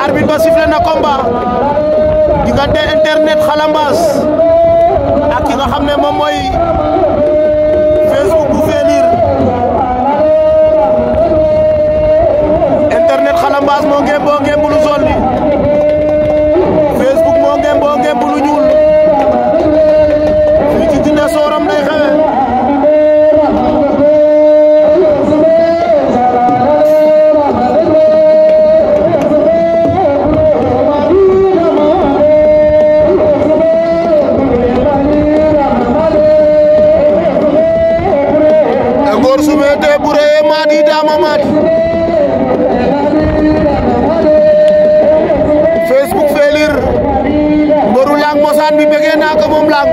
arbitre ba sifflé na combat diggante internet xalambaas ak ki nga ne moom mooy Facebook bu Felir internet xalambaas moo ngi li jeye Mady Facebook felir mbaru lang mosaan bi bëggee naa ko moom lang